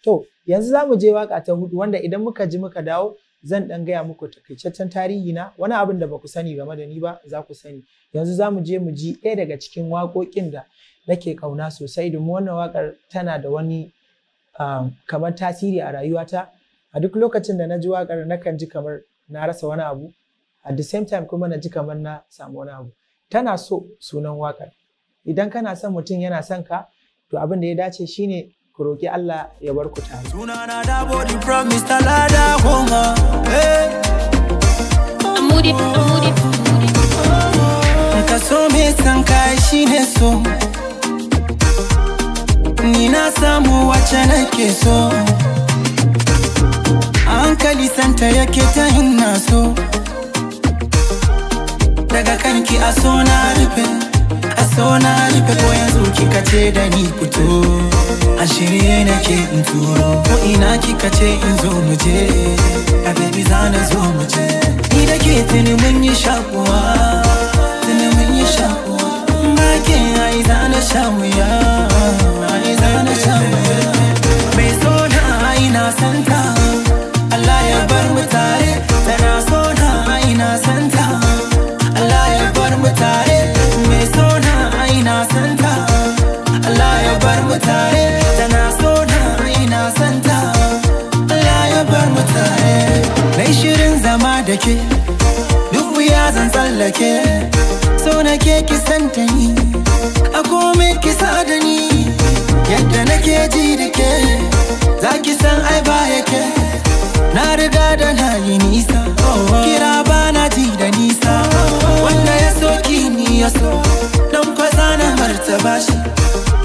To, yanzu za mu je waka ta hudu wanda idan muka ji muka dawo zan dan gaya muku takaitaccen tarihi na wani abin da ba ku sani game da ni ba za ku sani. Yanzu za mu je mu ji ɗaya daga cikin waƙoƙin da nake kauna sosai domin wannan waƙar tana da wani um, kamar tasiri a rayuwata. A duk lokacin da na ji waƙar nakan ji kamar na rasa wani abu, at the same time kuma na ji kamar na samu wani abu. Tana so sunan waƙar. Idan kana son mutum yana son ka, to abin da ya dace shine ku roki Allah ya bar ku tare sunana da body from Mr. Lada Homa eh amudi amudi ka so me san kai shine so ni na samu wacce nake so a hankali santa yake ta hinna so daga kanki a so na rufe a so na rufe ko yanzu kika ce da ni fito a shirye nake in turo ko ina kika ce in zo mu je a zo mu ni da ke tuni mun yi shakuwa ke duk wuya zan tsallake so nake ki santa ni a komai ki da ni yadda na ke ji da ke za ki san ai ba ya ke. na riga da na yi nisa kira ba na ji da nisa wanda ya so ki ni ya so don kwasa na martaba shi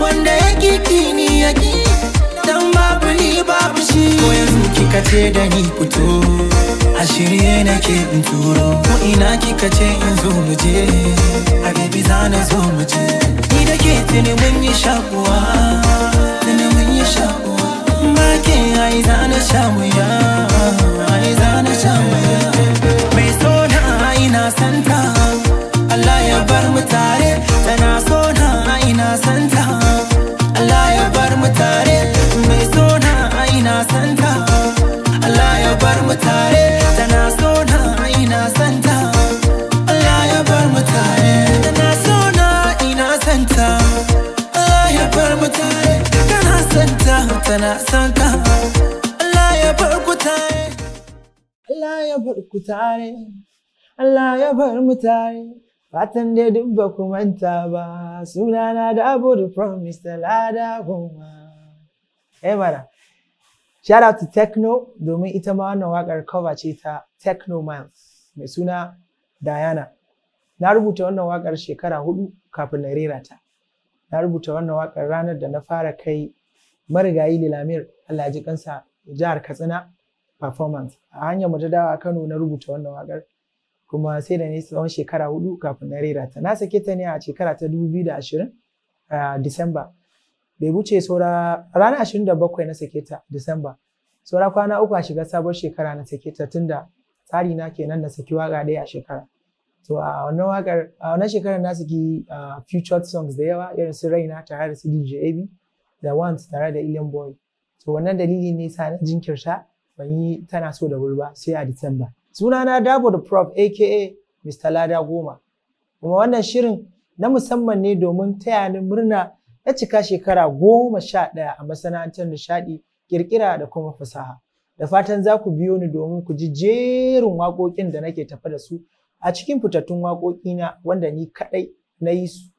wanda ya ki ki ni ya ki dan babu ni babu shi ko yanzu kika ce da ni fito a shirye ke in turo ko ina kika ce in zo mu je bibi za na zo mu je ni da ke tuni mun yi shakuwa tuni ba ke ai za na sha wuya tana son ka Allah ya bar ku tare Allah ya bar ku tare Allah ya bar mu tare Fatan dai duk ba ku manta ba, sunana da Abudu from Mr. Lada Goma. Eh mana, shout out to Techno domin ita ma wannan waƙar cover ce ta Techno Miles mai suna Diana. Na rubuta wannan waƙar shekara hudu kafin na rera ta. Na rubuta wannan waƙar ranar da na fara kai marigayi lilamir Allah ji kansa jihar Katsina performance a hanyar mu ta dawa Kano na rubuta wannan wakar kuma sai da ne tsawon shekara hudu kafin na rera ta na sake ta ne a shekara ta 2020 a Disamba bai wuce saura ranar 27 na sake ta Disamba saura kwana uku a shiga sabon shekara na sake ta tunda tsari na kenan na saki waka ɗaya a shekara to a wannan wakar a wannan shekarar na saki featured songs da yawa irin su raina tare da su DJ Abi da Wams tare da Ilian Boy. to wannan dalili ne sa na jinkirta ban yi tana so da wuri ba sai a Disamba. na Dabo da Prof aka Mr. Lada Goma. Kuma wannan shirin na musamman ne domin taya ni murna na cika shekara goma sha ɗaya a masana'antar nishaɗi ƙirƙira da kuma fasaha. Da fatan za ku biyo ni domin ku ji jerin waƙoƙin da nake tafa da su a cikin fitattun waƙoƙina wanda ni kaɗai na yi su.